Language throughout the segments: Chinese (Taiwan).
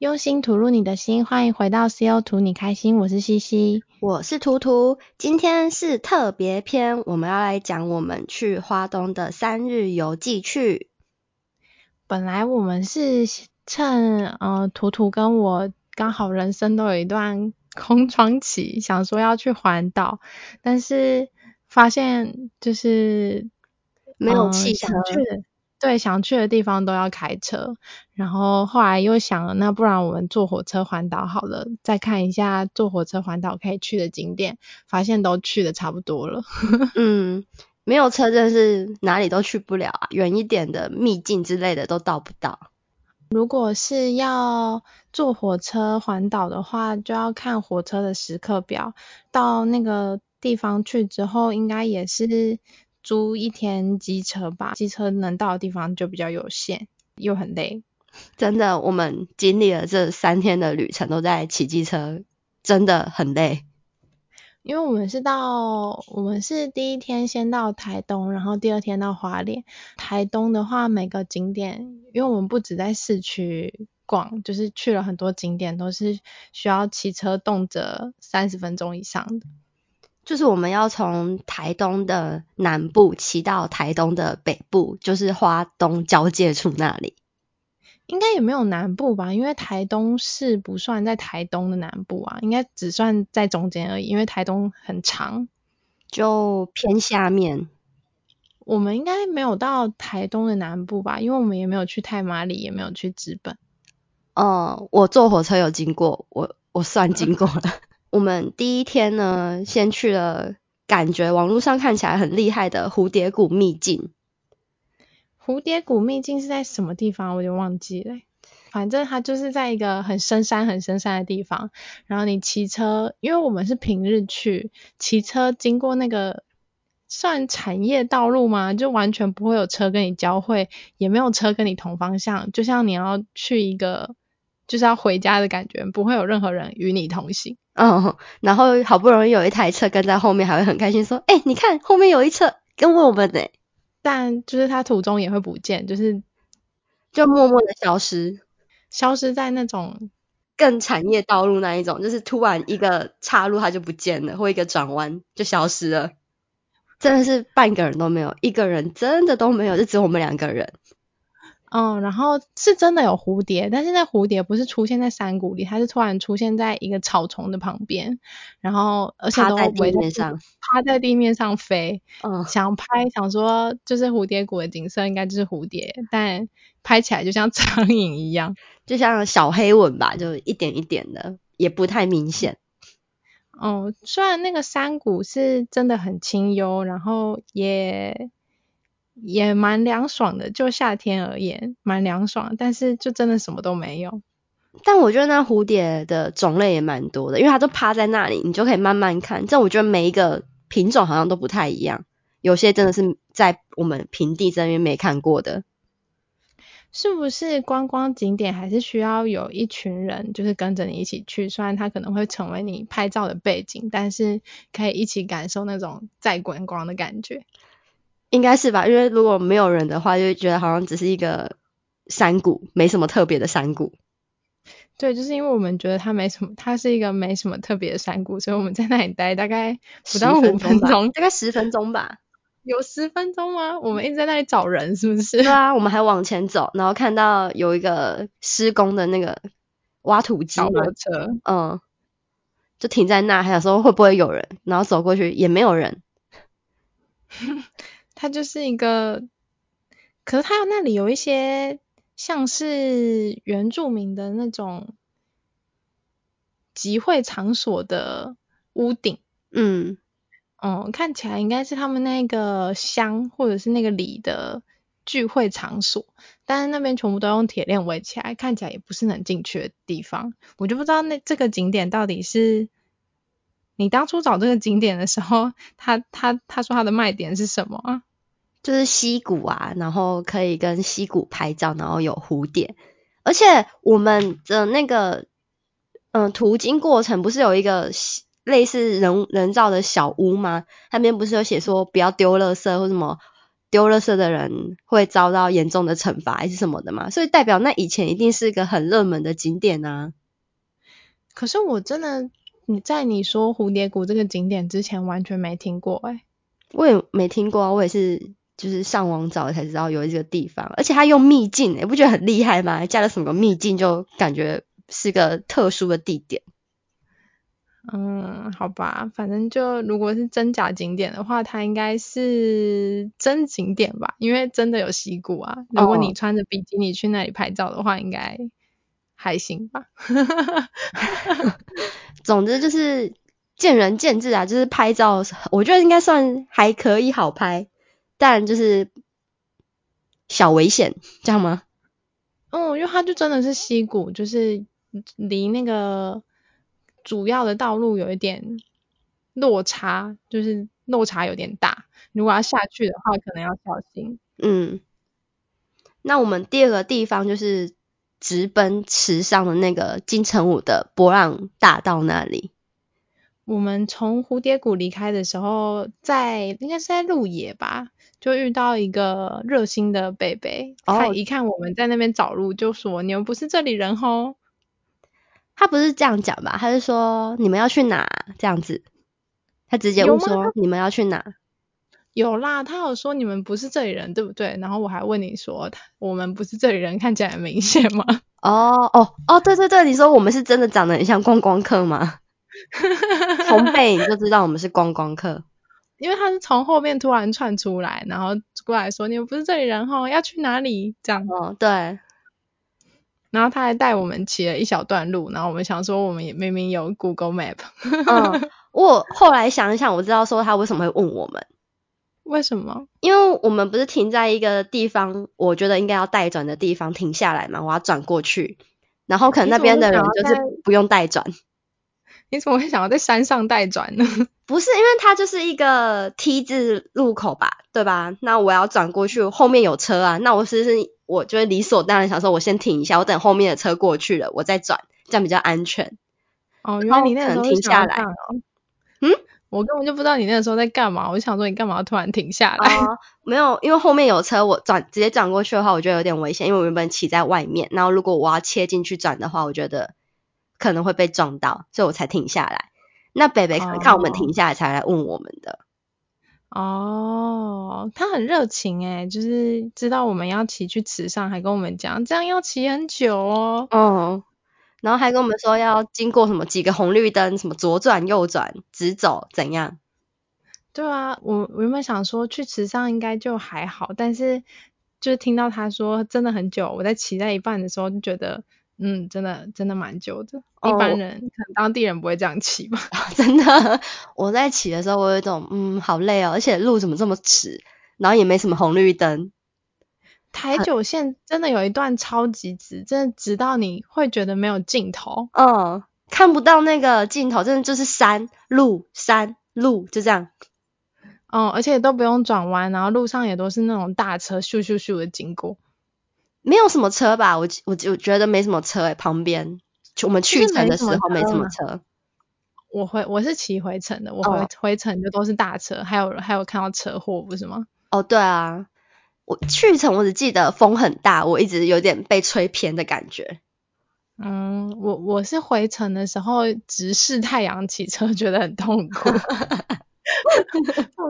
用心吐露你的心，歡迎回到 C.O. 圖你開心，我是西西，我是圖圖，今天是特別篇，我們要來講我們去花東的三日遊記去。本來我們是趁呃圖圖跟我剛好人生都有一段空窗期，想說要去環島，但是發現就是沒有汽車，呃、去。對，想去的地方都要開車，然後後來又想了，那不然我們坐火車環島好了，再看一下坐火車環島可以去的景點，發現都去的差不多了。 嗯，沒有車就是哪裡都去不了啊，遠一點的秘境之類的都到不到。如果是要坐火車環島的話，就要看火車的時刻表，到那個地方去之後，應該也是。租一天機車吧，機車能到的地方就比較有限，又很累。真的，我們經歷了這三天的旅程都在騎機車，真的很累。因為我們是到，我們是第一天先到台東，然後第二天到花蓮。台東的話，每個景點，因為我們不止在市區逛，就是去了很多景點，都是需要騎車，動輒三十分鐘以上的。就是我們要從台東的南部騎到台東的北部，就是花東交界處那裡，應該也沒有南部吧？因為台東是不算在台東的南部啊，應該只算在中間而已。因為台東很長，就偏下面。我們應該沒有到台東的南部吧？因為我們也沒有去太麻里，也沒有去知本。哦、呃，我坐火車有經過，我我算經過了。 我們第一天呢，先去了感覺網絡上看起來很厲害的蝴蝶谷秘境。蝴蝶谷秘境是在什麼地方啊，我就忘記了，反正它就是在一個很深山很深山的地方。然後你騎車，因為我們是平日去，騎車經過那個算產業道路嘛，就完全不會有車跟你交匯，也沒有車跟你同方向，就像你要去一個。就是要回家的感覺，不會有任何人與你同行。嗯、哦，然後好不容易有一台車跟在後面，還會很開心說：“哎、欸，你看後面有一車跟我們呢、欸。”但就是他途中也會不見，就是就默默的消失，消失在那種更產業道路那一種，就是突然一個岔路他就不見了，或一個轉彎就消失了，真的是半個人都沒有，一個人真的都沒有，就只有我們兩個人。嗯，然後是真的有蝴蝶，但是那蝴蝶不是出現在山谷裡，它是突然出現在一個草叢的旁邊，然後而且都趴在地面上，趴在地面上飛。嗯，想拍想說，就是蝴蝶谷的景色應該就是蝴蝶，但拍起來就像蒼蠅一樣，就像小黑蚊吧，就一點一點的，也不太明顯。哦、嗯嗯，雖然那個山谷是真的很清幽，然後也。也蠻涼爽的，就夏天而言，蠻涼爽。但是就真的什麼都沒有。但我覺得那蝴蝶的種類也蠻多的，因為它都趴在那裡，你就可以慢慢看。這我覺得每一個品種好像都不太一樣，有些真的是在我們平地這邊沒看過的。是不是觀光景點還是需要有一群人，就是跟着你一起去？雖然它可能會成為你拍照的背景，但是可以一起感受那種在觀光的感覺。應該是吧，因為如果沒有人的話，就覺得好像只是一個山谷，沒什麼特別的山谷。對，就是因為我們覺得它沒什麼，它是一個沒什麼特別的山谷，所以我們在那裡待大概不到五分鐘，大概十分鐘吧。 有十分鐘嗎？我們一直在那裡找人，是不是？對啊，我們還往前走，然後看到有一個施工的那個挖土機。車。嗯，就停在那，還想說會不會有人，然後走過去也沒有人。 它就是一個，可是它那裡有一些像是原住民的那種集會場所的屋頂，嗯，哦，嗯，看起來應該是他們那個鄉或者是那個里的聚會場所，但是那邊全部都用鐵鏈圍起來，看起來也不是能進去的地方，我就不知道那這個景點到底是。你當初找這個景點的時候，他他他說他的賣點是什麼啊？就是溪谷啊，然後可以跟溪谷拍照，然後有蝴蝶，而且我們的那個嗯，途經過程不是有一個類似人人造的小屋嗎？那邊不是有寫說不要丟垃圾或什麼，丟垃圾的人會遭到嚴重的懲罰還是什麼的嘛？所以代表那以前一定是一個很熱門的景點吶、啊。可是我真的。你在你說蝴蝶谷，這個景點之前完全沒聽過誒、欸。我也沒聽過啊，我也是就是上網找才知道有一個地方，而且它用秘境誒、欸，不覺得很厲害嗎？加了什麼秘境就感覺是個特殊的地點。嗯，好吧，反正就如果是真假景點的話，它應該是真景點吧，因為真的有溪谷啊。如果你穿着比基尼去那裡拍照的話，哦、應該還行吧。 總之就是見仁見智啊，就是拍照，我覺得應該算還可以，好拍，但就是小危險，這樣嗎？哦、嗯，因為它就真的是溪谷，就是離那個主要的道路有一點落差，就是落差有點大，如果要下去的話，可能要小心。嗯，那我們第二個地方就是。直奔池上的那個金城武的波浪大道那裡。我們從蝴蝶谷離開的時候，在應該是在鹿野吧，就遇到一個熱心的伯伯。哦、他一看我們在那邊找路，就說：“你們不是這裡人哦。”他不是這樣講吧？他是說：“你們要去哪？”這樣子，他直接問說：“嗎你們要去哪？”有啦，他有說你們不是這裡人，對不對？然後我還問你說，我們不是這裡人，看起來很明顯嗎？哦哦哦，對對對，你說我們是真的長得很像觀光客嗎？ 從背影就知道我們是觀光客， 因為他是從後面突然竄出來，然後過來說，你們不是這裡人哦，要去哪裡？這樣哦，對。然後他還帶我們騎了一小段路，然後我們想說，我們也明明有 Google Map、 嗯。我後來想一想，我知道說他為什麼會問我們。為什麼？因為我們不是停在一個地方，我覺得應該要待轉的地方停下來嘛。我要轉過去，然後可能那邊的人就是不用待轉。你怎麼會想要在山上待轉呢？不是，因為它就是一個 T 字路口吧，對吧？那我要轉過去，後面有車啊。那我是不是我覺得理所當然想說，我先停一下，我等後面的車過去了，我再轉，這樣比較安全。哦，然後你那邊、哦、停下來。嗯？我根本就不知道你那個時候在幹嘛，我想說你幹嘛突然停下來？哦。沒有，因為後面有車，我轉直接轉過去的話，我覺得有點危險，因為我原本騎在外面，然後如果我要切進去轉的話，我覺得可能會被撞到，所以我才停下來。那北北看我們停下來才來問我們的。哦、哦，他很熱情誒，就是知道我們要騎去池上，還跟我們講，這樣要騎很久哦。嗯、哦。然後還跟我們說要經過什麼幾個紅綠燈，什麼左轉右轉直走怎樣？對啊，我我原本想說去池上應該就還好，但是就聽到他說真的很久，我在騎在一半的時候就覺得，嗯，真的真的蠻久的。哦，一般人可能當地人不會這樣騎吧？啊，真的，我在騎的時候我有一種，嗯，好累哦，而且路怎麼這麼直，然後也沒什麼紅綠燈。台九線真的有一段超級直，啊、真的直到你會覺得沒有盡頭。嗯，看不到那個盡頭，真的就是山路山路就這樣。嗯，而且都不用轉彎，然後路上也都是那種大車咻咻咻的經過。沒有什麼車吧？我我我覺得沒什麼車誒、欸。旁邊我們去城的時候沒什麼車。麼車我會我是騎回程的，我回、哦、回程就都是大車，還有還有看到車禍不是嗎？哦，對啊。我去程，我只記得風很大，我一直有點被吹偏的感覺。嗯，我我是回程的時候直視太陽騎車，覺得很痛苦。奉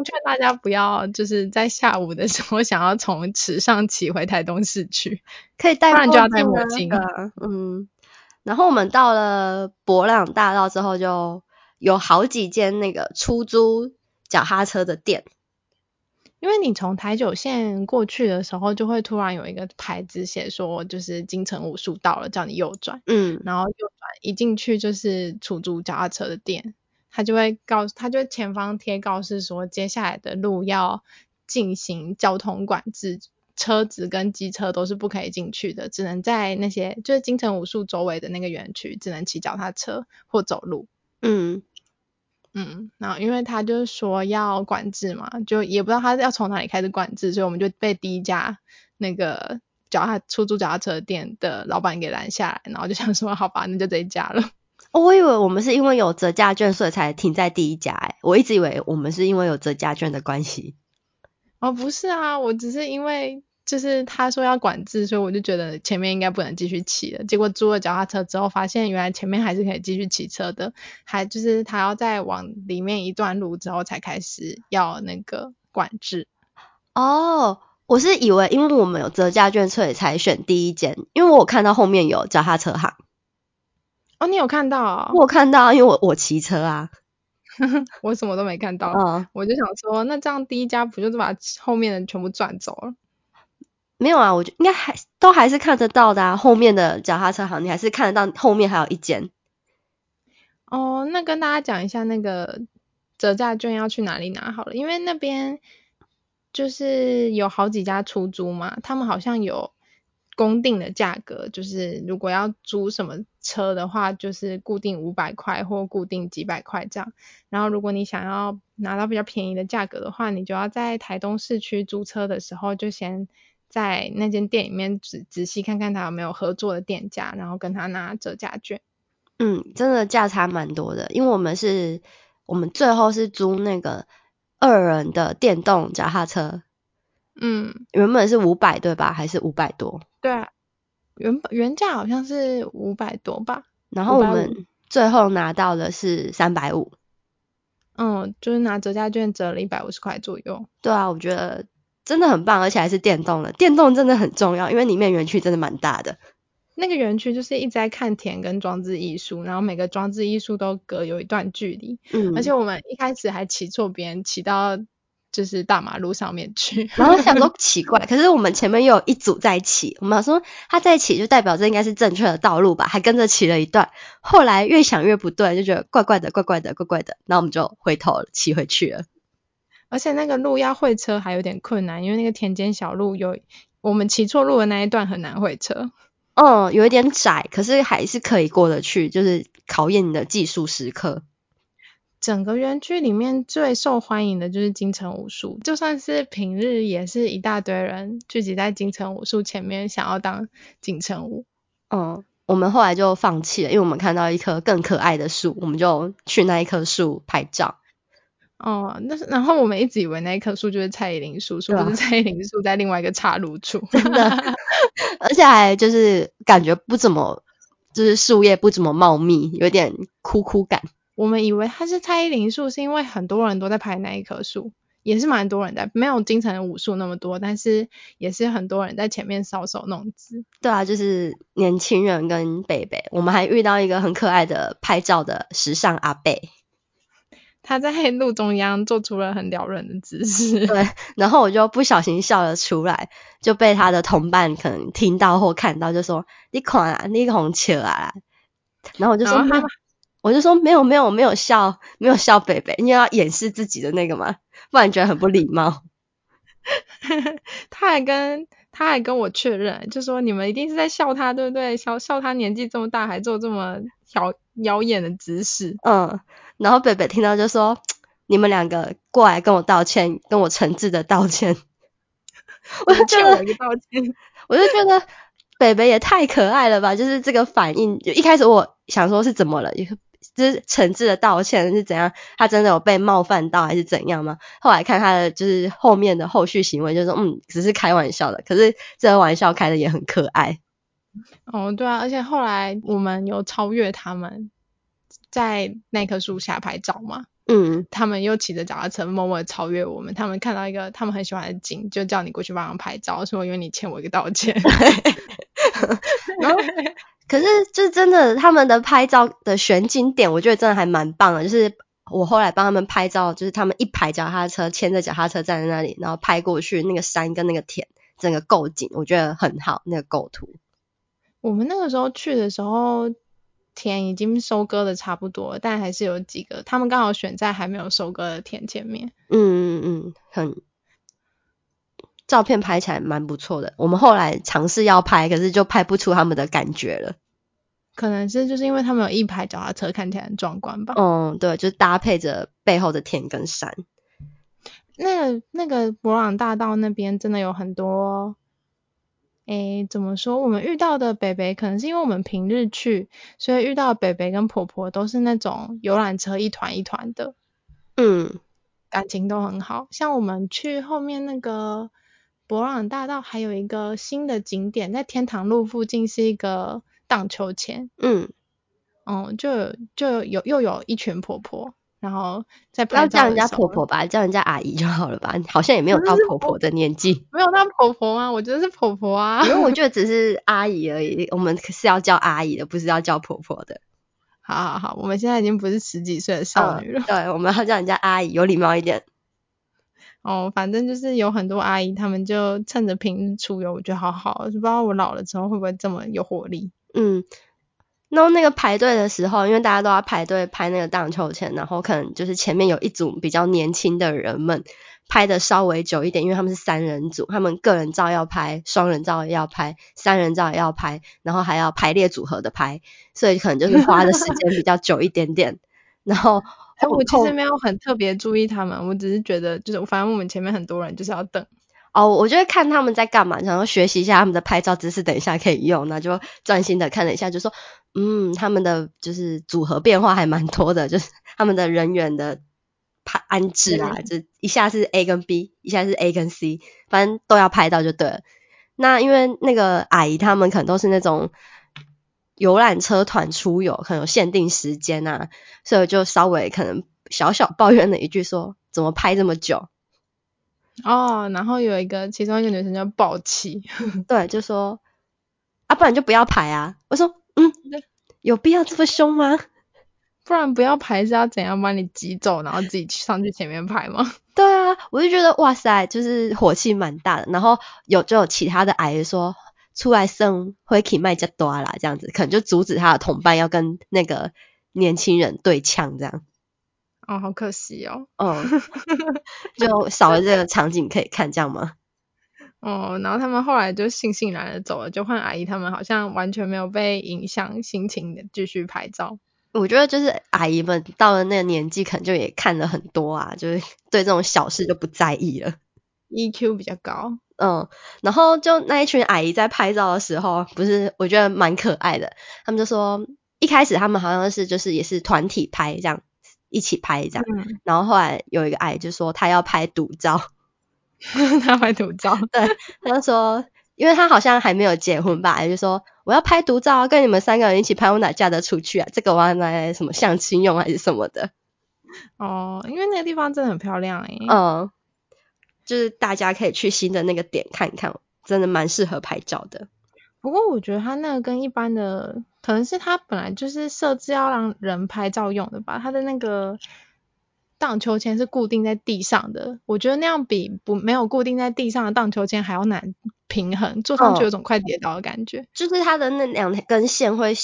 勸大家不要就是在下午的時候想要從池上騎回台東市區，可以帶、那個，就帶墨鏡。嗯，然後我們到了博朗大道之後，就有好幾間那個出租腳踏車的店。因為你從台九線過去的時候，就會突然有一個牌子寫說，就是金城武樹到了，叫你右轉。嗯，然後右轉，一進去就是出租腳踏車的店，他就會告，他就前方貼告示說，接下來的路要進行交通管制，車子跟機車都是不可以進去的，只能在那些就是金城武樹周圍的那個園區，只能騎腳踏車或走路。嗯。嗯，然後因為他就是說要管制嘛，就也不知道他是要從哪裡開始管制，所以我們就被第一家那個腳踏出租腳踏車的店的老闆給攔下來，然後就想說好吧，那就這一家了。哦，我以為我們是因為有折價券所以才停在第一家，哎，我一直以為我們是因為有折價券的關係。哦，不是啊，我只是因為。就是他說要管制，所以我就覺得前面應該不能繼續騎了。結果租了腳踏車之後，發現原來前面還是可以繼續騎車的，還就是他要再往裡面一段路之後才開始要那個管制。哦，我是以為因為我們有折價券，所以才選第一間，因為我看到後面有腳踏車行，哦，你有看到、哦？啊？我看到，因為我我騎車啊， 我什麼都沒看到，嗯、我就想說，那這樣第一家不就是把後面的全部賺走了？沒有啊，我覺得應該還都還是看得到的啊。後面的腳踏車行，你還是看得到後面還有一間。哦，那跟大家講一下那個折價券要去哪裡拿好了，因為那邊就是有好幾家出租嘛，他們好像有公定的價格，就是如果要租什麼車的話，就是固定五百塊或固定幾百塊這樣。然後如果你想要拿到比較便宜的價格的話，你就要在台東市區租車的時候就先。在那間店裡面仔仔細看看他有沒有合作的店家，然後跟他拿折價券。嗯，真的價差蠻多的，因為我們是，我們最後是租那個二人的電動腳踏車。嗯，原本是五百對吧？還是五百多？對啊，原本原價好像是五百多吧。然後我們最後拿到的是三百五。嗯，就是拿折價券折了一百五十塊左右。對啊，我覺得。真的很棒，而且還是電動的。電動真的很重要，因為裡面園區真的蠻大的。那個園區就是一直在看田跟裝置藝術，然後每個裝置藝術都隔有一段距離。嗯。而且我們一開始還騎錯邊，騎到就是大馬路上面去。然後想都 奇怪，可是我們前面又有一組在騎，我們想說他在一起就代表這應該是正確的道路吧，還跟着騎了一段。後來越想越不對，就覺得怪怪的，怪怪的，怪怪的，怪怪的，然後我們就回頭騎回去了。而且那個路要會車還有點困難，因為那個田間小路有我們騎錯路的那一段很難會車。哦、嗯，有一點窄，可是還是可以過得去，就是考驗你的技術時刻。整個園區裡面最受歡迎的就是金城武樹，就算是平日也是一大堆人聚集在金城武樹前面，想要當金城武。嗯，我們後來就放棄了，因為我們看到一棵更可愛的樹，我們就去那一棵樹拍照。哦，那然後我們一直以為那一棵樹就是蔡依林樹，樹不是蔡依林樹在另外一個岔路處， 真的，而且還就是感覺不怎麼，就是樹葉不怎麼茂密，有點枯枯感。我們以為它是蔡依林樹，是因為很多人都在拍那一棵樹，也是蠻多人的，沒有金城武樹那麼多，但是也是很多人在前面搔首弄姿。對啊，就是年輕人跟北北，我們還遇到一個很可愛的拍照的時尚阿北。他在路中央做出了很撩人的姿勢，對，然後我就不小心笑了出來，就被他的同伴可能聽到或看到，就說：“你狂啊，你紅球啊！”然後我就說他：“沒、uh huh. 我就說沒有，沒有，沒有笑，沒有笑伯伯。”北北因為要掩飾自己的那個嘛，不然覺得很不禮貌。 他還跟他還跟我確認，就說：“你們一定是在笑他，對不對？笑笑他年紀這麼大，還做這麼撩撩眼的姿勢。”嗯。然後北北聽到就說：“你們兩個過來跟我道歉，跟我誠摯的道歉。 ”我就覺得我， 我就覺得北北也太可愛了吧！就是這個反應，就一開始我想說是怎麼了，就是誠摯的道歉是怎樣？他真的有被冒犯到還是怎樣嗎？後來看他的就是後面的後續行為，就說：“嗯，只是開玩笑的。”可是這個玩笑開的也很可愛。哦，對啊，而且後來我們有超越他們。在那棵樹下拍照嘛，嗯，他們又騎着腳踏車默默超越我們。他們看到一個他們很喜歡的景，就叫你過去幫忙拍照，說因為你欠我一個道歉。然後，可是就是真的，他們的拍照的選景點，我覺得真的還蠻棒的。就是我後來幫他們拍照，就是他們一排腳踏車，牽着腳踏車站在那裡，然後拍過去那個山跟那個田，整個構景我覺得很好，那個構圖。我們那個時候去的時候，天已經收割的差不多，但還是有幾個，他們剛好選在還沒有收割的田前面。嗯嗯嗯，很照片拍起來蠻不錯的。我們後來嘗試要拍，可是就拍不出他們的感覺了。可能是就是因為他們有一排腳踏車，看起來很壯觀吧。嗯，對，就是搭配着背後的田跟山。那個、那個博朗大道那邊真的有很多。誒，怎麼說？我們遇到的北北，可能是因為我們平日去，所以遇到北北跟婆婆都是那種遊覽車一團一團的，嗯，感情都很好。像我們去後面那個伯朗大道，還有一個新的景點，在天堂路附近是一個盪秋千，嗯，哦、嗯，就有就有又有一群婆婆。然後再不要叫人家婆婆吧，叫人家阿姨就好了吧？好像也沒有到婆婆的年紀，沒有到婆婆嗎？我覺得是婆婆啊。因為我覺得只是阿姨而已，我們是要叫阿姨的，不是要叫婆婆的。好好好，我們現在已經不是十幾歲的少女了。啊，對，我們要叫人家阿姨，有禮貌一點。哦，反正就是有很多阿姨，他們就趁着平日出遊，我覺得好好，就不知道我老了之後會不會這麼有活力。嗯。然後那個排隊的時候，因為大家都要排隊拍那個盪秋千，然後可能就是前面有一組比較年輕的人們拍的稍微久一點，因為他們是三人組，他們個人照要拍，雙人照要拍，三人照也要拍，然後還要排列組合的拍，所以可能就是花的時間比較久一點點。 然後、哎、我其實沒有很特別注意他們，我只是覺得就是我反正我們前面很多人就是要等哦，我就會看他們在幹嘛，然後學習一下他們的拍照姿勢，等一下可以用，那就專心的看了一下，就說。嗯，他們的就是組合變化還蠻多的，就是他們的人員的安置啊，了就一下是 A 跟 B，一下是 A 跟 C，反正都要拍到就對了。那因為那個阿姨他們可能都是那種遊覽車團出遊，可能有限定時間吶、啊，所以就稍微可能小小抱怨了一句說，怎麼拍這麼久？哦，然後有一個其中一個女生叫暴氣， 對，就說啊，不然就不要拍啊，我說。嗯，那有必要這麼凶嗎？不然不要排是要怎樣，把你擠走，然後自己去上去前面排嗎？對啊，我就覺得哇塞，就是火氣蠻大的。然後有就有其他的矮人說出來，生會 k 麥加多啦，這樣子可能就阻止他的同伴要跟那個年輕人對嗆這樣。哦，好可惜哦，嗯， 就少了這個場景可以看，這樣嗎？哦，然後他們後來就悻悻然的走了，就換阿姨他們好像完全沒有被影響，心情繼續拍照。我覺得就是阿姨們到了那個年紀，可能就也看了很多啊，就是對這種小事就不在意了，EQ 比較高。嗯，然後就那一群阿姨在拍照的時候，不是我覺得蠻可愛的。他們就說一開始他們好像是就是也是團體拍這樣，一起拍這樣，嗯。然後後來有一個阿姨就說她要拍獨照。 他拍獨毒照， 對，他說，因為他好像還沒有結婚吧，他就說，我要拍獨照跟你們三個人一起拍，我哪嫁得出去啊？這個我要拿來什麼相親用還是什麼的？哦，因為那個地方真的很漂亮誒。嗯，就是大家可以去新的那個點看一看，真的蠻適合拍照的。不過我覺得他那個跟一般的，可能是他本來就是設置要讓人拍照用的吧，他的那個。盪秋千是固定在地上的，我覺得那樣比不沒有固定在地上的盪秋千還要難平衡，坐上去有種快跌倒的感覺。哦，就是它的那兩根線會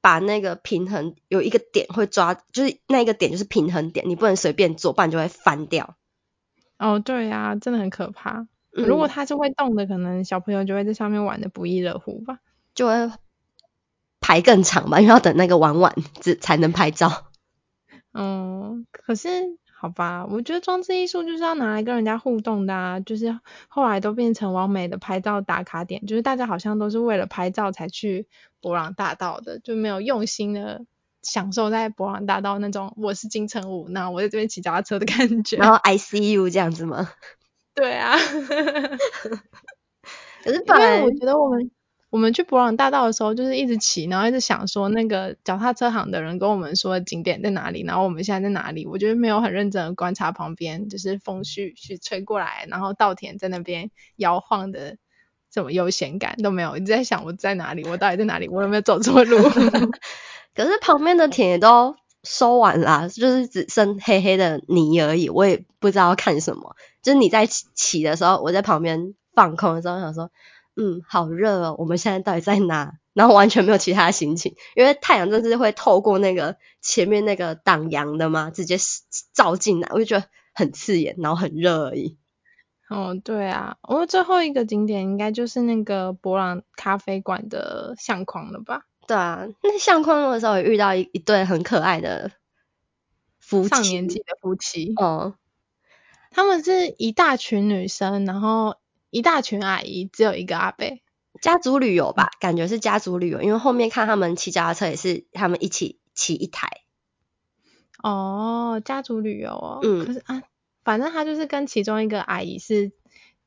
把那個平衡有一個點會抓，就是那一個點就是平衡點，你不能隨便坐，不然就會翻掉。哦，對啊，真的很可怕。如果它是會動的，嗯、可能小朋友就會在上面玩得不亦樂乎吧，就會排更長吧，因為要等那個玩完這才能拍照。嗯，可是好吧，我覺得裝置藝術就是要拿來跟人家互動的，啊，就是後來都變成網美的拍照打卡點，就是大家好像都是為了拍照才去伯朗大道的，就沒有用心的享受在伯朗大道那種「我是金城武，那我在這邊騎腳踏車的感覺。然後 I see you 這樣子嗎？對啊， 可是本來因為我覺得我們。我們去伯朗大道的時候，就是一直騎，然後一直想說那個腳踏車行的人跟我們說景點在哪裡，然後我們現在在哪裡？我覺得沒有很認真的觀察旁邊，就是風徐徐吹過來，然後稻田在那邊搖晃的，這麼悠閒感都沒有。一直在想我在哪裡，我到底在哪裡？我有沒有走錯路？ 可是旁邊的田都收完了，就是只剩黑黑的泥而已。我也不知道看什麼。就是你在騎騎的時候，我在旁邊放空的時候想說。嗯，好熱哦！我們現在到底在哪？然後完全沒有其他的心情，因為太陽真的是會透過那個前面那個擋陽的嘛，直接照進來，我就覺得很刺眼，然後很熱而已。哦，對啊，我們最後一個景點應該就是那個伯朗咖啡館的相框了吧？對啊，那相框的時候也遇到一一對很可愛的夫妻，上年紀的夫妻。哦、嗯，他們是一大群女生，然後，一大群阿姨，只有一個阿伯。家族旅遊吧，感覺是家族旅遊，因為後面看他們騎腳踏車也是他們一起騎一台。哦，家族旅遊哦。嗯。可是啊，反正他就是跟其中一個阿姨是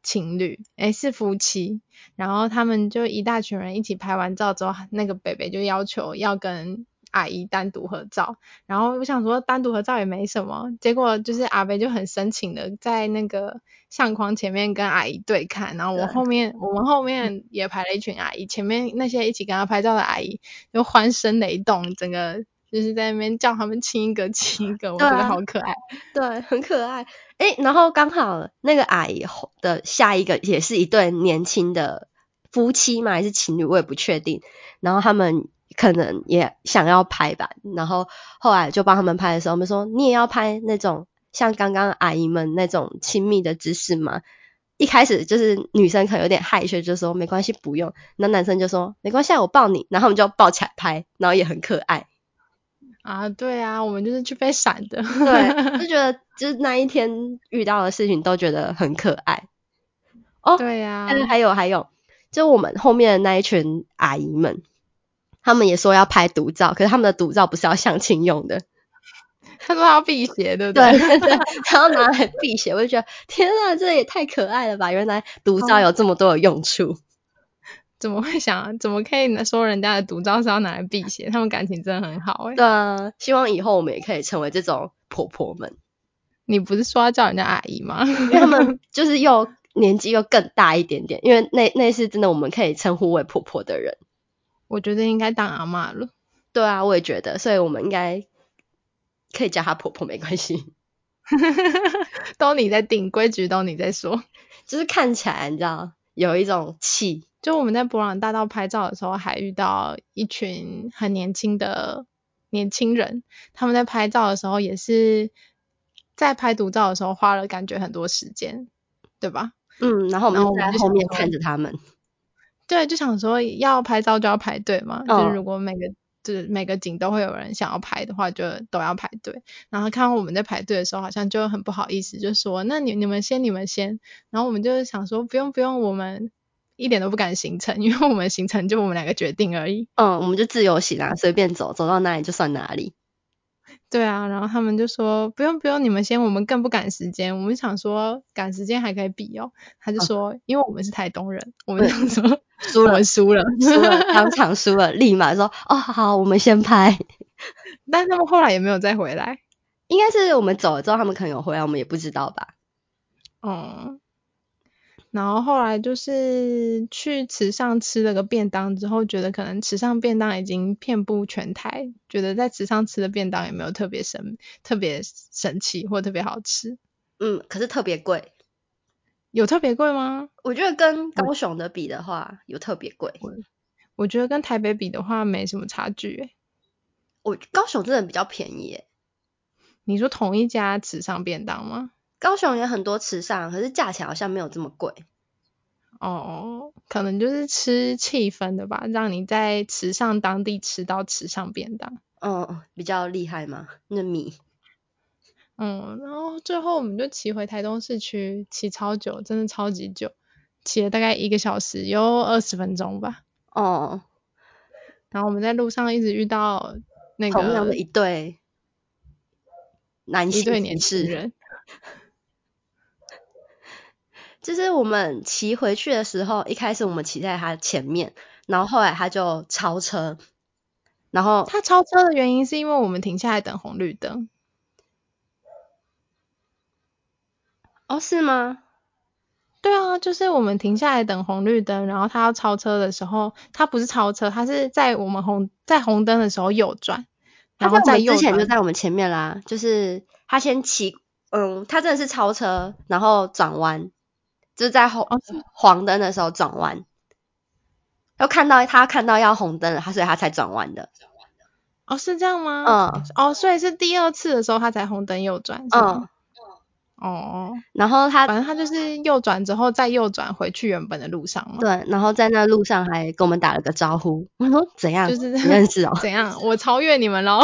情侶，誒、欸、是夫妻。然後他們就一大群人一起拍完照之後，那個伯伯就要求要跟。阿姨單獨合照，然後我想說單獨合照也沒什麼，結果就是阿伯就很深情的在那個相框前面跟阿姨對看，然後我後面對我們後面也排了一群阿姨，前面那些一起跟他拍照的阿姨就歡聲雷動，整個就是在那邊叫他們親一個親一個，啊、我覺得好可愛，對，很可愛。哎，然後剛好那個阿姨的下一個也是一對年輕的夫妻嘛，還是情侶，我也不確定，然後他們。可能也想要拍吧，然後後來就幫他們拍的時候，我們說你也要拍那種像剛剛阿姨們那種親密的姿勢嗎？一開始就是女生可能有點害羞，就說沒關係不用。那男生就說沒關係，我抱你。然後我們就抱起來拍，然後也很可愛。啊，對啊，我們就是去被閃的，對，就覺得就是那一天遇到的事情都覺得很可愛。哦，對呀，啊，還有還有，就我們後面的那一群阿姨們。他們也說要拍獨照，可是他們的獨照不是要相親用的，他說他要辟邪，對不對？對，對對他要拿來辟邪，我就覺得天啊，這也太可愛了吧！原來獨照有這麼多的用處。哦，怎麼會想？怎麼可以說人家的獨照是要拿來辟邪？他們感情真的很好。對啊，希望以後我們也可以成為這種婆婆們。你不是說要叫人家阿姨嗎？因為他們就是又年紀又更大一點點，因為那那是真的我們可以稱呼為婆婆的人。我覺得應該當阿嬤了。對啊，我也覺得，所以我們應該可以叫她婆婆沒關係。 都你在定規矩，都你在說，就是看起來你知道有一種氣。就我們在伯朗大道拍照的時候，還遇到一群很年輕的年輕人，他們在拍照的時候也是在拍獨照的時候花了感覺很多時間，對吧？嗯，然後、然、後然後我們在後面就看，我看着他們。對，就想說要拍照就要排隊嘛。Oh. 就是如果每個，就是每個景都會有人想要拍的話，就都要排隊。然後看到我們在排隊的時候，好像就很不好意思，就說：“那你你們先，你們先。”然後我們就是想說，不用不用，我們一點都不趕行程，因為我們行程就我們兩個決定而已。嗯，oh, 我們就自由行啊，隨便走，走到哪裡就算哪裡。對啊，然後他們就說：“不用不用，你們先。”我們更不趕時間，我們想說趕時間還可以比哦。他就說：“因為我們是台東人。”oh. 我們想說。 輸了輸了輸了，當場輸了，立馬說 哦好，好，我們先拍。但是他們後來也沒有再回來，應該是我們走了之後，他們可能有回來，我們也不知道吧。哦、嗯。然後後來就是去池上吃了個便當之後，覺得可能池上便當已經遍布全台，覺得在池上吃的便當也沒有特別神，特別神奇或特別好吃。嗯，可是特別貴。有特別貴嗎？我覺得跟高雄的比的話，嗯、有特別貴。我覺得跟台北比的話，沒什麼差距誒。我高雄真的比較便宜誒。你說同一家池上便當嗎？高雄有很多池上，可是價錢好像沒有這麼貴。哦，可能就是吃氣氛的吧，讓你在池上當地吃到池上便當。哦，比較厲害嗎？那米。嗯，然後最後我們就騎回台東市區，騎超久，真的超級久，騎了大概一個小時有二十分鐘吧。哦，然後我們在路上一直遇到那個同樣的一對男性一對年輕人，就是我們騎回去的時候，一開始我們騎在他前面，然後後來他就超車，然後他超車的原因是因為我們停下來等紅綠燈。哦，是嗎？對啊，就是我們停下來等紅綠燈，然後他要超車的時候，他不是超車，他是在我們紅在紅燈的時候右轉，然後在右，之前就在我們前面啦，就是他先騎，嗯，他真的是超車，然後轉彎，就是在紅、哦、是黃燈的時候轉彎，又看到他看到要紅燈了，他所以他才轉彎的。的哦，是這樣嗎？嗯，哦，所以是第二次的時候他才紅燈右轉。是嗎？嗯。哦，然後他反正他就是右轉之後再右轉回去原本的路上嘛。對，然後在那路上還跟我們打了個招呼。你說怎樣？就是認識哦。怎樣？我超越你們嘍！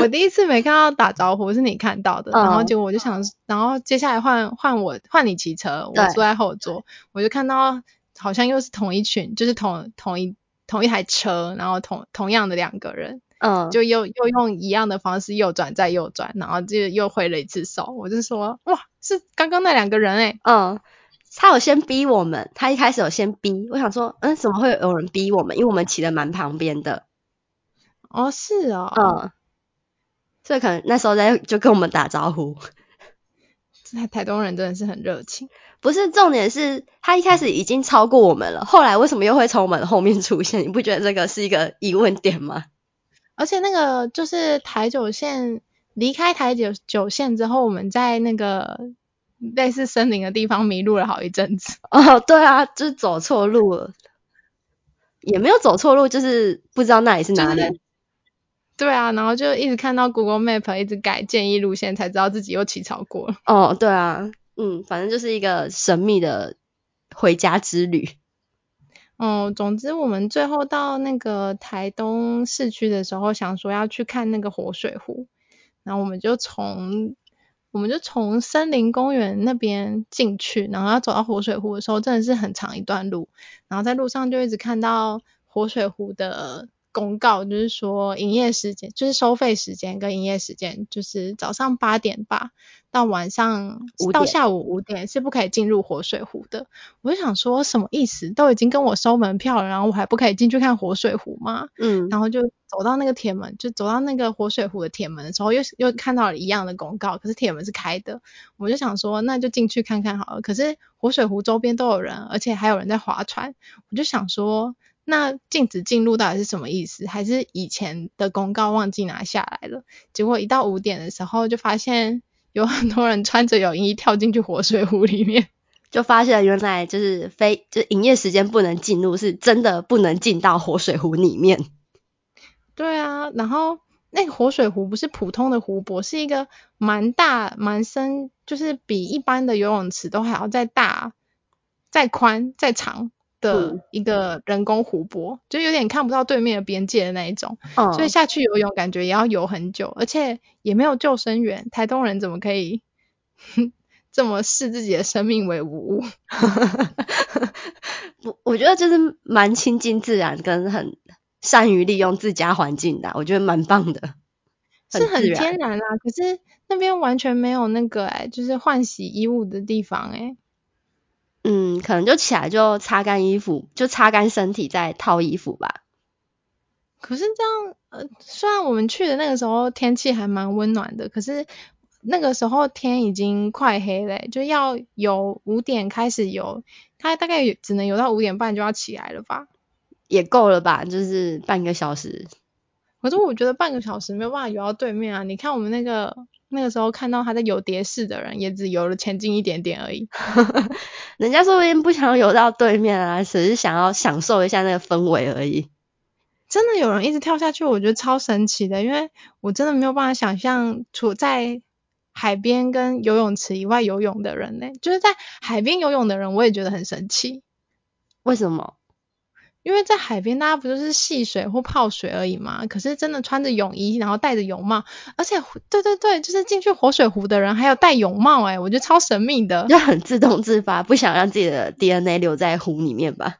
我第一次沒看到打招呼，是你看到的。嗯、然後結果我就想，然後接下來換換我換你騎車，我坐在後座，對我就看到好像又是同一群，就是同同一同一台車，然後同同樣的兩個人。嗯，就又又用一樣的方式右轉再右轉，然後就又揮了一次手。我就說，哇，是剛剛那兩個人誒、欸、嗯，他有先逼我們，他一開始有先逼。我想說，嗯，怎麼會有人逼我們？因為我們騎的蠻旁邊的。哦，是哦。嗯，所以可能那時候在就跟我們打招呼。這台東人真的是很熱情。不是重點是他一開始已經超過我們了，後來為什麼又會從我們後面出現？你不覺得這個是一個疑問點嗎？而且那個就是台九線離開台九九線之後，我們在那個類似森林的地方迷路了好一陣子。哦，對啊，就是走錯路了，也沒有走錯路，就是不知道那裡是哪裡。對啊，然後就一直看到 Google Map，一直改建議路線，才知道自己又騎超過了。哦，對啊，嗯，反正就是一個神秘的回家之旅。哦、嗯，總之我們最後到那個台東市區的時候，想說要去看那個活水湖，然後我們就從我們就從森林公園那邊進去，然後要走到活水湖的時候，真的是很長一段路，然後在路上就一直看到活水湖的。公告就是說，營業時間就是收費時間跟營業時間，就是早上八點吧，到晚上，五點。到下午五點是不可以進入活水湖的。我就想說，什麼意思？都已經跟我收門票了，然後我還不可以進去看活水湖嗎？嗯，然後就走到那個鐵門，就走到那個活水湖的鐵門的時候又，又又看到了一樣的公告，可是鐵門是開的。我就想說，那就進去看看好了。可是活水湖周邊都有人，而且還有人在划船。我就想說。那禁止進入到底是什麼意思？還是以前的公告忘記拿下來了？結果一到五點的時候，就發現有很多人穿着泳衣跳進去活水湖裡面，就發現原來就是非就營業時間不能進入，是真的不能進到活水湖裡面。對啊，然後那個活水湖不是普通的湖泊，是一個蠻大蠻深，就是比一般的游泳池都還要再大、再寬、再長。的一個人工湖泊，嗯、就有點看不到對面的邊界的那一種，嗯、所以下去游泳感覺也要游很久，而且也沒有救生員。台東人怎麼可以，哼，這麼視自己的生命為無物？我 我覺得就是蠻親近自然跟很善於利用自家環境的，我覺得蠻棒的。很是很天然啦，可是那邊完全沒有那個哎、欸，就是換洗衣物的地方誒、欸嗯，可能就起來就擦乾衣服，就擦乾身體再套衣服吧。可是這樣，呃，雖然我們去的那個時候天氣還蠻溫暖的，可是那個時候天已經快黑了，就要游，五點開始游，它大概只能游到五點半就要起來了吧？也夠了吧？就是半個小時。可是我覺得半個小時沒有辦法游到對面啊！你看我們那個那個時候看到他在游蝶式的人，也只游了前進一點點而已。 人家說不定不想游到對面啊，只是想要享受一下那個氛圍而已。真的有人一直跳下去，我覺得超神奇的，因為我真的沒有辦法想象處在海邊跟游泳池以外游泳的人呢，就是在海邊游泳的人，我也覺得很神奇。為什麼？因為在海邊，大家不就是戲水或泡水而已嘛？可是真的穿着泳衣，然後戴着泳帽，而且，對對對，就是進去活水湖的人還有戴泳帽，哎，我覺得超神秘的，就很自動自發，不想讓自己的 DNA 留在湖裡面吧。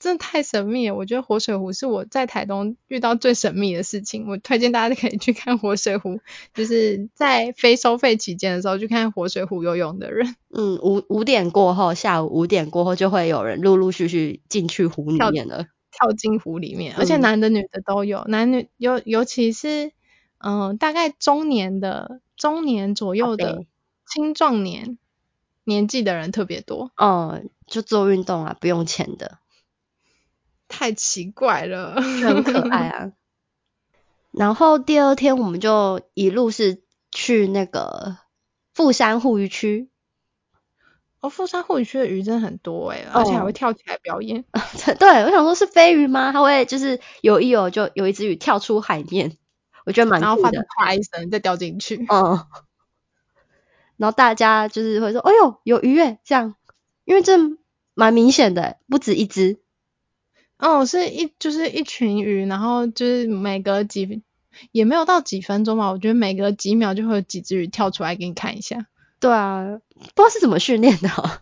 真的太神秘了！我覺得活水湖是我在台東遇到最神秘的事情。我推薦大家可以去看活水湖，就是在非收費期間的時候去看活水湖游泳的人。嗯，五五點過後，下午五點過後就會有人陸陸續續進去湖裡面了，跳跳進湖裡面，嗯、而且男的女的都有，男女尤尤其是嗯、呃，大概中年的中年左右的青壯年 Okay. 年紀的人特別多。哦、嗯，就做運動啊，不用錢的。太奇怪了， 很可愛啊！然後第二天我們就一路是去那個富山護漁區，哦，富山護漁區的魚真的很多哎、欸，哦、而且還會跳起來表演。 對，我想說，是飛魚嗎？它會就是有一有就有一只魚跳出海面，我覺得蠻然後發出啪一聲，再掉進去。哦、嗯、然後大家就是會說：“哎呦，有魚！”耶，這樣，因為這蠻明顯的，不止一只。哦、嗯，是一就是一群魚，然後就是每隔幾也沒有到幾分鐘吧，我覺得每隔幾秒就會有幾隻魚跳出來給你看一下。對啊，不知道是怎麼訓練的、哦，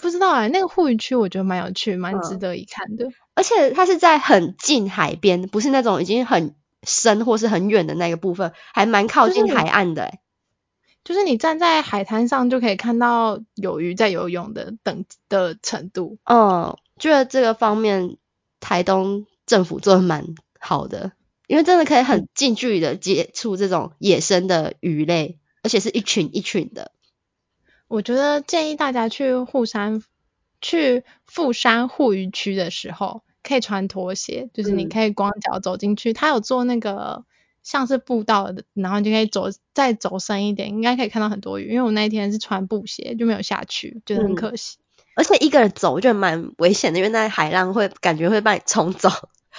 不知道啊、欸。那個護魚區我覺得蠻有趣，蠻值得一看的、嗯。而且它是在很近海邊，不是那種已經很深或是很遠的那個部分，還蠻靠近海岸的、欸就。就是你站在海灘上就可以看到有魚在游泳的等的程度。嗯。覺得這個方面台東政府做得蠻好的，因為真的可以很近距離的接觸這種野生的魚類，而且是一群一群的。我覺得建議大家去富山，去富山護魚區的時候，可以穿拖鞋，就是你可以光腳走進去。是他有做那個像是步道，然後你就可以走，再走深一點，應該可以看到很多魚。因為我那一天是穿布鞋，就沒有下去，覺得很可惜。嗯。而且一個人走就蠻危險的，因為那海浪會感覺會把你沖走。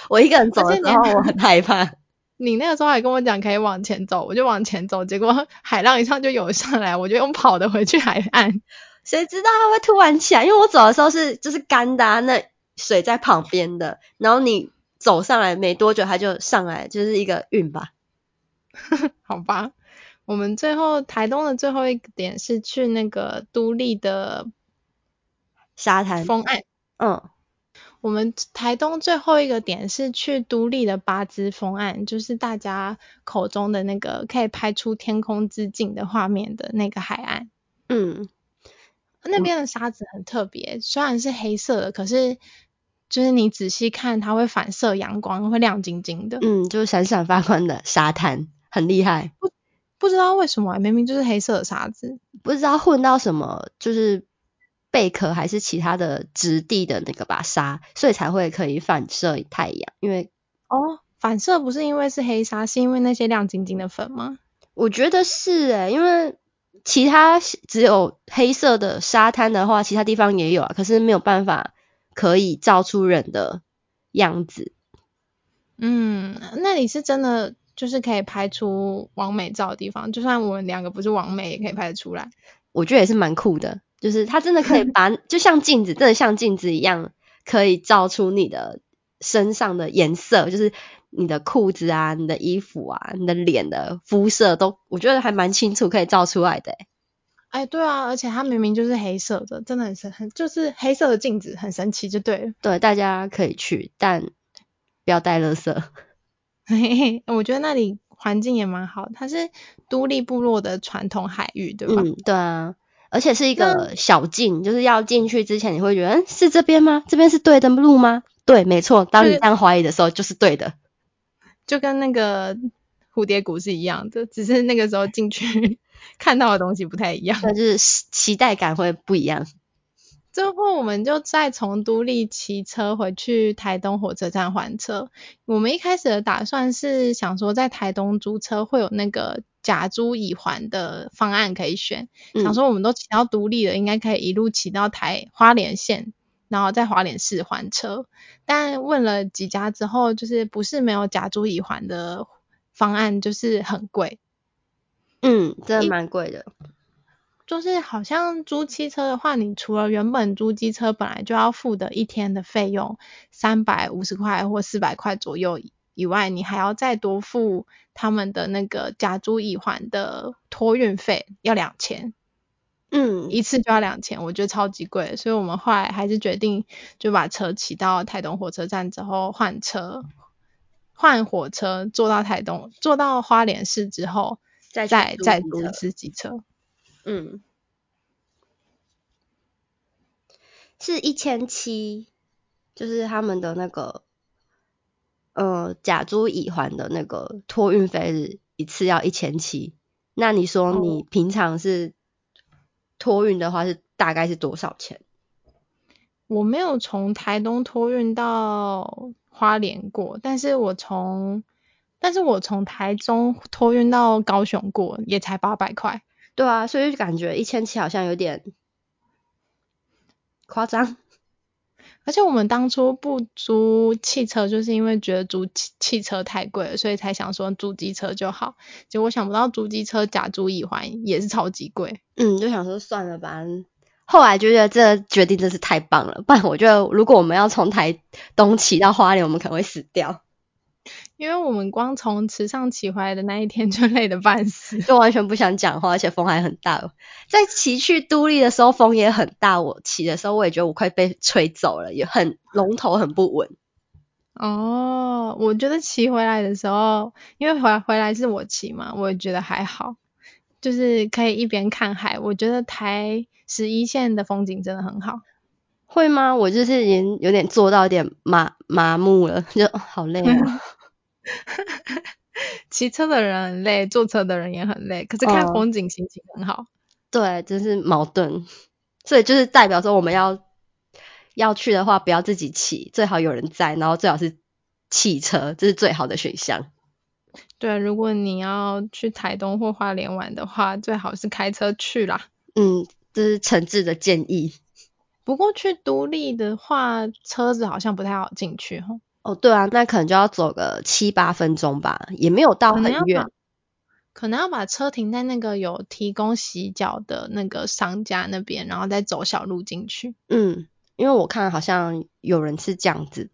我一個人走的時候，你我很害怕。你那個時候還跟我講可以往前走，我就往前走，結果海浪一上就湧上來，我就用跑的回去海岸。誰知道它會突然起來？因為我走的時候是就是乾的啊，那水在旁邊的，然後你走上來沒多久，它就上來，就是一個運吧。 好吧，我們最後台東的最後一點是去那個都立的。沙灘風岸暗，嗯，我們台東最後一個點是去都歷的八支風岸，就是大家口中的那個可以拍出天空之鏡的畫面的那個海岸，嗯，那邊的沙子很特別，嗯、雖然是黑色的，可是就是你仔細看，它會反射陽光，會亮晶晶的，嗯，就是閃閃發光的沙灘，很厲害。不不知道為什麼、啊，明明就是黑色的沙子，不知道混到什麼，就是。貝殼還是其他的質地的那個吧沙，所以才會可以反射太陽。因為哦，反射不是因為是黑沙，是因為那些亮晶晶的粉嗎？我覺得是哎、欸，因為其他只有黑色的沙灘的話，其他地方也有啊，可是沒有辦法可以照出人的樣子。嗯，那你是真的就是可以拍出網美照的地方，就算我們兩個不是網美，也可以拍得出來。我覺得也是蠻酷的。就是它真的可以把，就像鏡子， 真的像鏡子一樣，可以照出你的身上的顏色，就是你的褲子啊、你的衣服啊、你的臉的膚色都，我覺得還蠻清楚，可以照出來的。哎，對啊，而且它明明就是黑色的，真的很神很，就是黑色的鏡子很神奇，就對了。對，大家可以去，但不要帶垃圾。嘿嘿，我覺得那裡環境也蠻好，它是都歷部落的傳統海域，對吧？嗯，對啊。而且是一個小徑，那就是要進去之前你會覺得，嗯，是這邊嗎？這邊是對的路嗎？對，沒錯。當你這樣懷疑的時候，就是對的，就跟那個蝴蝶谷是一樣的，就只是那個時候進去 看到的東西不太一樣，但是，就是期待感會不一樣。之後我們就再從都歷騎車回去台東火車站還車。我們一開始的打算是想說，在台東租車會有那個。甲租乙還的方案可以選，想說我們都騎到獨立的，嗯、應該可以一路騎到台花蓮縣，然後在花蓮市還車。但問了幾家之後，就是不是沒有甲租乙還的方案，就是很貴。嗯，真的蠻貴的。就是好像租汽車的話，你除了原本租機車本來就要付的一天的費用，三百五十塊或四百塊左右以以外，你還要再多付他們的那個甲租乙還的托運費，要兩千，嗯，一次就要兩千，我覺得超級貴，所以我們後來還是決定就把車騎到台東火車站之後換車，換火車坐到台東，坐到花蓮市之後再一再再租一次機車，嗯，是一千七，就是他們的那個。呃、嗯，甲租乙還的那個托運費是一次要一千七。那你說你平常是托運的話是大概是多少錢？我沒有從台東托運到花蓮過，但是我從但是我從台中托運到高雄過，也才八百塊。對啊，所以就感覺一千七好像有點誇張。誇張而且我們當初不租汽車，就是因為覺得租汽汽車太貴了，所以才想說租機車就好。結果我想不到租機車，甲租乙還也是超級貴。嗯，就想說算了吧。後來就覺得這決定真是太棒了，不然我覺得如果我們要從台東騎到花蓮，我們可能會死掉。因為我們光從池上騎回來的那一天就累得半死，就完全不想講話，而且風還很大哦。在騎去都歷的時候，風也很大哦。我騎的時候，我也覺得我快被吹走了，也很龍頭很不穩。哦，我覺得騎回來的時候，因為回回來是我騎嘛，我也覺得還好，就是可以一邊看海。我覺得台十一線的風景真的很好。會嗎？我就是已經有點做到一點麻麻木了，就好累啊。 騎 車的人很累，坐車的人也很累，可是看風景心情很好。哦、對，就是矛盾，所以就是代表說我們要要去的話，不要自己騎，最好有人在，然後最好是汽車，這是最好的選項。對，如果你要去台東或花蓮玩的話，最好是開車去啦。嗯，這是誠摯的建議。不過去獨立的話，車子好像不太好進去、哦哦，對啊，那可能就要走個七八分鐘吧，也沒有到很遠可，可能要把車停在那個有提供洗腳的那個商家那邊，然後再走小路進去。嗯，因為我看好像有人是這樣子。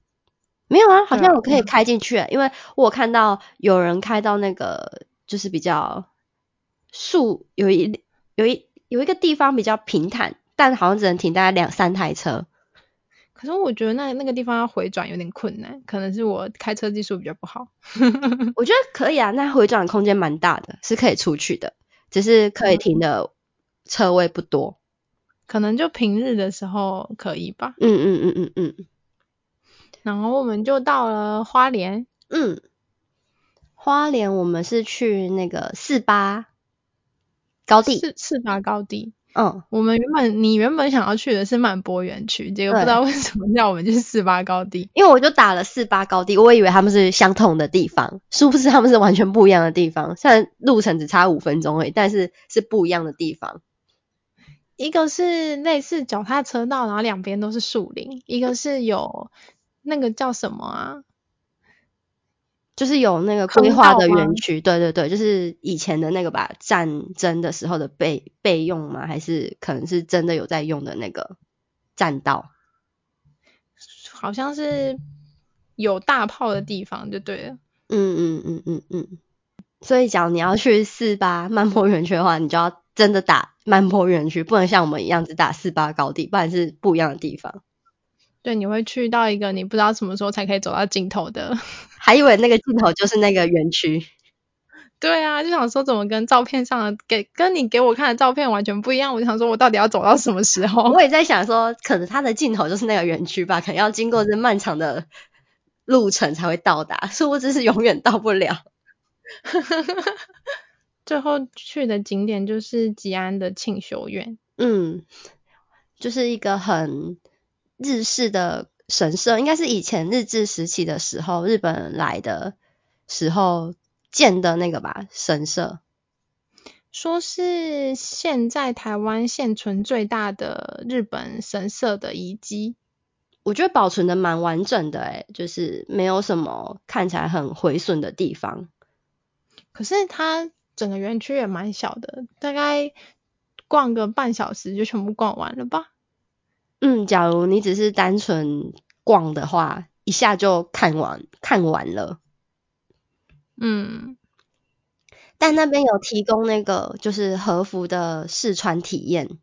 沒有啊，好像我可以開進去，嗯，因為我看到有人開到那個就是比較樹有一有一有一個地方比較平坦，但好像只能停大概兩三台車。可是我覺得那那個地方要回轉有點困難，可能是我開車技術比較不好。 我覺得可以啊，那回轉空間蠻大的，是可以出去的，只是可以停的車位不多，嗯、可能就平日的時候可以吧。嗯嗯嗯嗯嗯，嗯嗯嗯，然後我們就到了花蓮。嗯，花蓮我們是去那個四八高地。四四八高地。嗯，哦、我們原本你原本想要去的是曼波園區，結果不知道為什麼叫我們去四八高地。因為我就打了四八高地，我以為他們是相同的地方，殊不知他們是完全不一樣的地方。雖然路程只差五分鐘而已，但是是不一樣的地方。一個是類似腳踏車道，然後兩邊都是樹林；一個是有那個叫什麼啊？就是有那個規劃的園區，對對對，就是以前的那個吧，戰爭的時候的備備用嗎？還是可能是真的有在用的那個戰道？好像是有大炮的地方，就對了。嗯嗯嗯嗯嗯。所以，講你要去四八慢坡園區的話，你就要真的打慢坡園區，不能像我們一樣只打四八高地，不然是不一樣的地方。對，你會去到一個你不知道什麼時候才可以走到盡頭的。還以為那個盡頭就是那個園區，對啊，就想說怎麼跟照片上的給跟你給我看的照片完全不一樣。我想說，我到底要走到什麼時候？我也在想說，可能它的盡頭就是那個園區吧，可能要經過這漫長的路程才會到達，殊不知是永遠到不了。 最後去的景點就是吉安的慶修院，嗯，就是一個很日式的。神社應該是以前日治時期的時候，日本來的時候建的那個吧，神社。說是現在台灣現存最大的日本神社的遺跡，我覺得保存的蠻完整的、欸，誒，就是沒有什麼看起來很毀損的地方。可是它整個園區也蠻小的，大概逛個半小時就全部逛完了吧。嗯，假如你只是單純逛的話，一下就看完看完了。嗯，但那邊有提供那個就是和服的試穿體驗。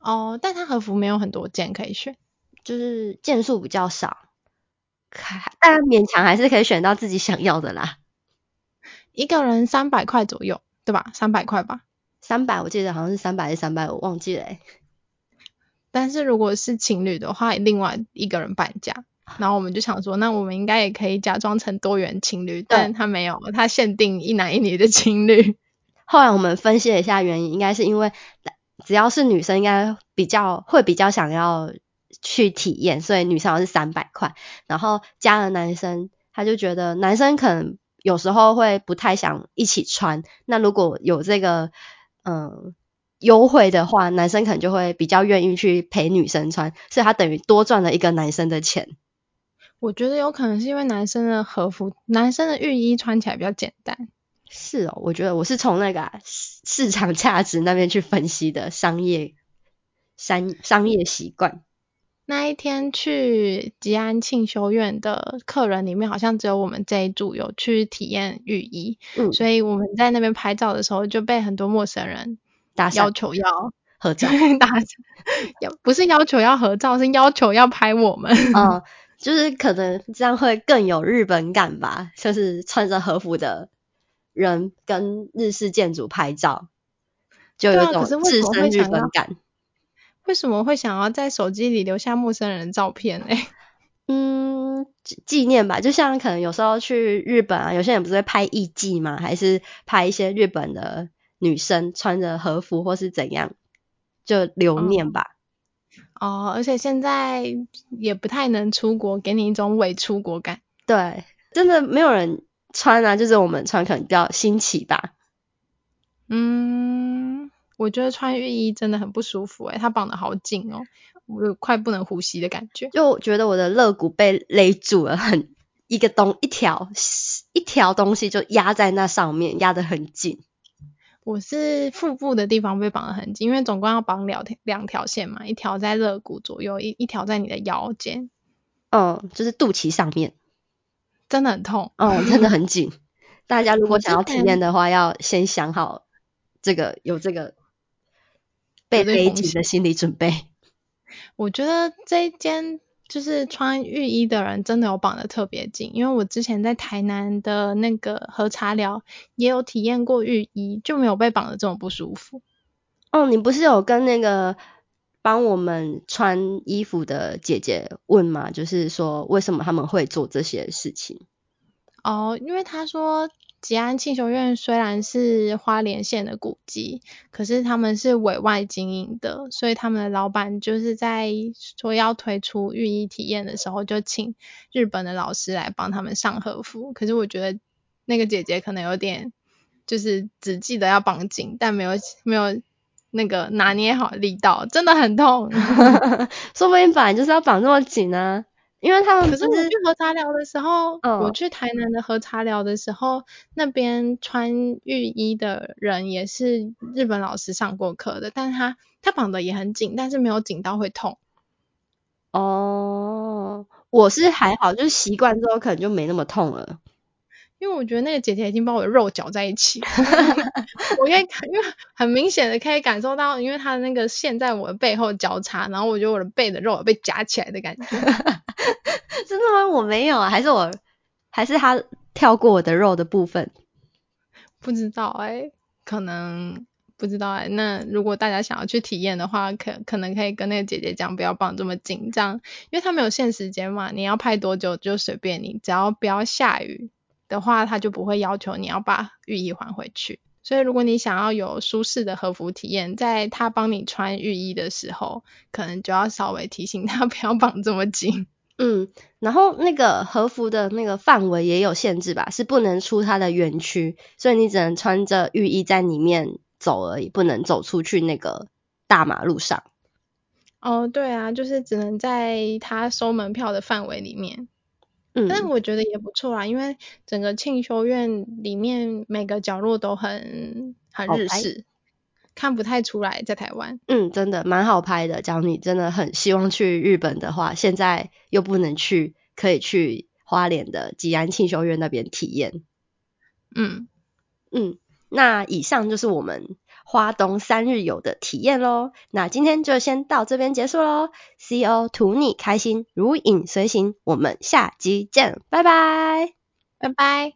哦，但它和服沒有很多件可以選，就是件數比較少，可但勉強還是可以選到自己想要的啦。一個人三百塊左右，對吧？三百塊吧，三百，我記得好像是三百三百，我忘記了欸。但是如果是情侶的話，另外一個人半價。然後我們就想說，那我們應該也可以假裝成多元情侶，但他沒有，對他限定一男一女的情侶。後來我們分析了一下原因，應該是因為只要是女生，應該比較會比較想要去體驗，所以女生要是三百塊。然後加了男生，他就覺得男生可能有時候會不太想一起穿。那如果有這個，嗯。優惠的話，男生可能就會比較願意去陪女生穿，所以他等於多賺了一個男生的錢。我覺得有可能是因為男生的和服、男生的浴衣穿起來比較簡單。是哦，我覺得我是從那個、啊、市市場價值那邊去分析的商業商商業習慣。那一天去吉安慶修院的客人裡面，好像只有我們這一組有去體驗浴衣，嗯、所以我們在那邊拍照的時候就被很多陌生人，要求要合照，打，要 不是要求要合照，是要求要拍我們。嗯、 呃，就是可能這樣會更有日本感吧，就是穿着和服的人跟日式建築拍照，就有一種置身日本感、啊為，為什麼會想要在手機裡留下陌生人的照片呢？嗯，紀念吧，就像可能有時候去日本啊，有些人不是會拍藝妓嗎？還是拍一些日本的。女生穿着和服或是怎樣，就留念吧哦。哦，而且現在也不太能出國，給你一種偽出國感。對，真的沒有人穿啊，就是我們穿可能比較新奇吧。嗯，我覺得穿浴衣真的很不舒服、欸，誒它綁得好緊哦，我快不能呼吸的感覺，就我覺得我的肋骨被勒住了很，很一個東一條一條東西就壓在那上面，壓得很緊。我是腹部的地方被綁得很緊，因為總共要綁兩條兩條線嘛，一條在肋骨左右，一一條在你的腰間，哦、呃，就是肚臍上面，真的很痛，嗯、呃，真的很緊。 大家如果想要體驗的話，要先想好這個有這個被勒緊的心理準備。我覺得這一間。就是穿浴衣的人真的有綁得特別緊，因為我之前在台南的那個和茶寮也有體驗過浴衣，就沒有被綁得這麼不舒服。哦，你不是有跟那個幫我們穿衣服的姐姐問嗎？就是說，為什麼他們會做這些事情？哦，因為他說。吉安慶修院雖然是花蓮縣的古蹟，可是他們是委外經營的，所以他們的老闆就是在說要推出浴衣體驗的時候，就請日本的老師來幫他們上和服。可是我覺得那個姐姐可能有點，就是只記得要綁緊，但沒有沒有那個拿捏好力道，真的很痛。 說不定綁就是要綁那麼緊呢、啊。因為他們、就是、可是我去喝茶療的時候，哦、我去台南的喝茶療的時候，那邊穿浴衣的人也是日本老師上過課的，但是他他綁的也很緊，但是沒有緊到會痛。哦，我是還好，就是習慣之後可能就沒那麼痛了。因為我覺得那個姐姐已經把我的肉攪在一起， 我可以因為很明顯的可以感受到，因為她的那個線在我的背後交叉，然後我覺得我的背的肉也被夾起來的感覺。 真的嗎？我沒有、啊，還是我還是她跳過我的肉的部分？不知道哎、欸，可能不知道哎、欸。那如果大家想要去體驗的話，可可能可以跟那個姐姐講，不要綁這麼緊張，因為她沒有限時間嘛，你要拍多久就隨便你，只要不要下雨。的話，他就不會要求你要把浴衣還回去。所以，如果你想要有舒適的和服體驗，在他幫你穿浴衣的時候，可能就要稍微提醒他不要綁這麼緊。嗯，然後那個和服的那個範圍也有限制吧，是不能出他的園區，所以你只能穿着浴衣在裡面走而已，不能走出去那個大馬路上。哦，對啊，就是只能在他收門票的範圍裡面。嗯，但我覺得也不錯啦，嗯、因為整個慶修院裡面每個角落都很很日式，好拍。看不太出來在台灣。嗯，真的蠻好拍的，講你真的很希望去日本的話，現在又不能去，可以去花蓮的吉安慶修院那邊體驗。嗯嗯，那以上就是我們。花東三日遊的體驗嘍，那今天就先到這邊結束嘍。See you，圖你開心，如影隨形，我們下期見，拜拜，拜拜。